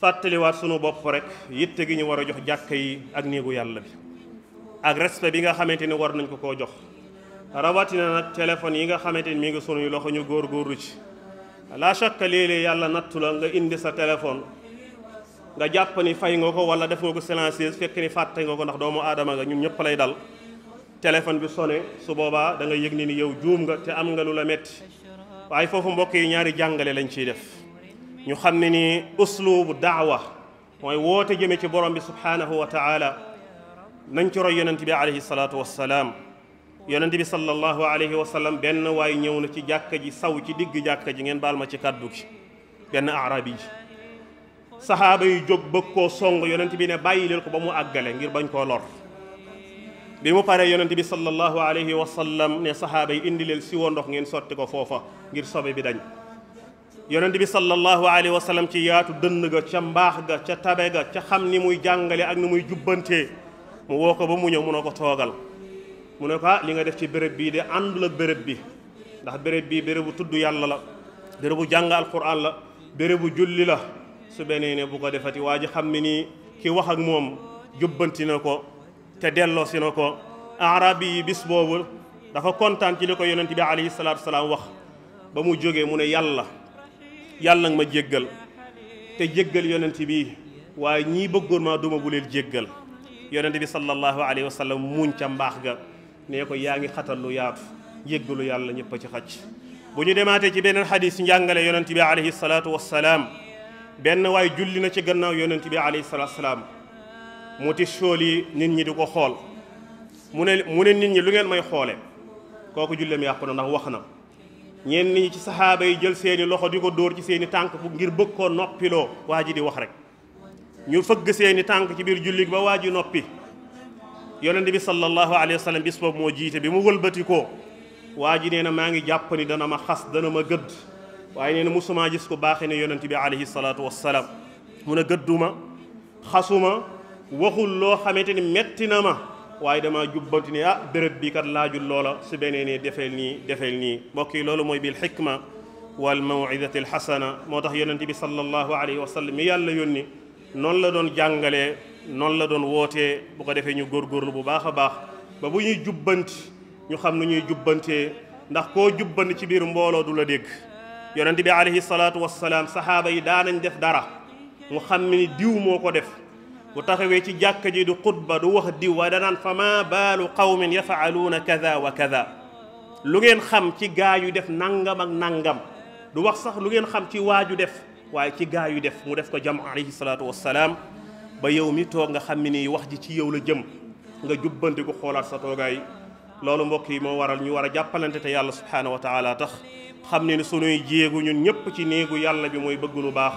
fàttaliwaat sunu bopp rek yitte gi ñu war a jox jàkka yi ak néegu yàlla bi ak respect bi nga xamante ni war nañ ko koo jox rawatina nag téléphone yi nga xamante ni mi ngi sunuy loxo ñu góor góorgóorlu ci la chaque léeg-léeg yàlla nattu la nga indi sa téléphone nga jàpp ni fay nga ko wala def nga ko silencieuse fekk ni fàtte nga ko ndax doomu aadama nga ñun ñëpp lay dal téléphone bi sone su boobaa da nga yëg ni ni yow juum nga te am nga lu la metti waaye foofu mbokk yi ñaari jàngale lañ ciy def ñu xam ne ni uslubu daawa mooy woote jëme ci borom bi subhaanahu wa taala nañ ci roy yonent bi alayhi salaatu wassalaam yonent bi sallallahu alayhi wa sallam benn waay ñëw na ci jàkka ji saw ci digg jàkka ji ngeen baal ma ci kàddu gi benn arabi ji saxaaba yu jóg bëgg koo song yonent bi ne bàyyi leen ko ba mu àggale ngir bañ koo lor bi mu paree yonent bi sallallahu alayhi wa sallam ne saxaaba yi indi leen siwo ndox ngeen sotti ko foofa ngir sobe bi dañ yonent bi sallallahu alayhi wa sallam ci yaatu dënn ga ca mbaax ga ca tabe ga ca xam ni muy jàngale ak ni muy jubbantee mu woo ko ba mu ñëw mu ne ko toogal mu ne ko ah li nga def ci béréb bii de àndul ak béréb bi ndax béréb bii bu tudd yàlla la bu jàng alquran la bu julli la su benee ne bu ko defati waa ji xam ne nii ki wax ak moom jubbanti na ko te delloo na ko arabi yi bis boobu dafa kontaan ci li ko yonent bi alayhi salaat salaam wax ba mu jógee mu ne yàlla yàlla nga ma jéggal te jéggal yonent bi waaye ñii bëggoon ma duma bu leen jéggal yonent bi sallallahu alayhi wa sallam muñ ca mbaax ga nee ko yaa ngi xatal lu yaatu jéggalu yàlla ñëpp ci xaj bu ñu demaatee ci beneen xadis ci njàngale yonent bi alayhi salaatu salaam benn waaye julli na ci gannaaw yonent bi alayhi salaatu salaam mu ti sool yi nit ñi di ko xool mu ne mu ne nit ñi lu ngeen may xoole kooku julleem yàqu na ndax wax na ñeen ñenn ñi ci saxaaba yi jël seeni loxo di ko dóor ci seeni tànk ngir bëgg koo noppiloo waa ji di wax rek ñu fëgg seeni tànk ci biir julli ba waa ji noppi yonent bi sallallahu alayhi wa sallam bis boobu moo jiite bi mu wëlbati ko waa ji nee na maa ngi jàpp ni dana ma xas dana ma gëdd waaye nee musumaa gis ko baaxee ne yonent bi alayhi salaatu wassalaam mun a gëdduma xasuma waxul loo xamante ni metti na ma waaye dama jubbanti ne ah béréb bi kat laajul loola su benee ne defeel nii defeel nii mbokk yi loolu mooy bil xikma wal mawidati al xasana moo tax yonente bi sallallahu alayhi wa sallam mi yàlla yónni noonu la doon jàngale noonu la doon wootee bu ko defee ñu góor góorlu bu baax a baax ba bu ñuy jubbanti ñu xam nu ñuy jubbantee ndax koo jubbanti ci biir mbooloo du la dégg yonente bi alayhi salaatu wa wassalaam sahaaba yi daanañ def dara mu xam ni diw moo ko def bu taxawee ci jàkka ji du xutba du wax diw waaye danaan fa ma baalu qawmin yafaaluuna kaza wa kaza lu ngeen xam ci gaa yu def nangam ak nangam du wax sax lu ngeen xam ci waaju def waaye ci gaa yu def mu def ko jam alayhi salaatu wassalaam ba yow mi toog nga xam ne nii wax ji ci yow la jëm nga jubbanti ko xoolaat sa toogaay loolu mbokk yi moo waral ñu war a jàppalante te yàlla subhaanahu wa taala tax xam ne ni sunuy jéegu ñun ñëpp ci néegu yàlla bi mooy bëgg lu baax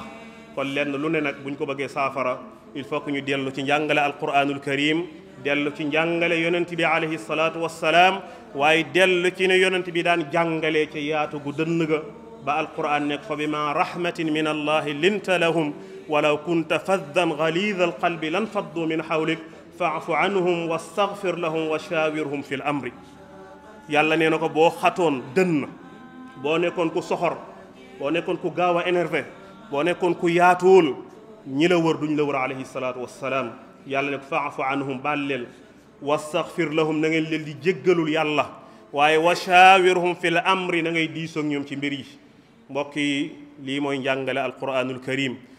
kon lenn lu ne nag ñu ko bëggee saafara il faut que ñu dellu ci njàngale alquranul karim dellu ci njàngale yonent bi alayhi salaatu wassalaam waaye dellu ci ne yonent bi daan jàngalee ca yaatu gu dënn ga ba alquran nekk fa min allahi linta lahum walaw kunta faddan galida alqalbi lan faddu min hawlik faafu anhum wastaghfir lahum wa shawirhum fi l amri yàlla nee na ko boo xatoon dënn boo nekkoon ku soxor boo nekkoon ku gaaw a énervé boo nekkoon ku yaatuwul ñi la wër duñ la wër alayhi salaatu wassalaam yàlla ne ko faafu anhum baal leen wastaxfir lahum na ngeen leen di jéggalul yàlla waaye washawirhum fil amri na ngay diisoo ak ñoom ci mbir yi mbokk yi lii mooy njàngale alquranul karim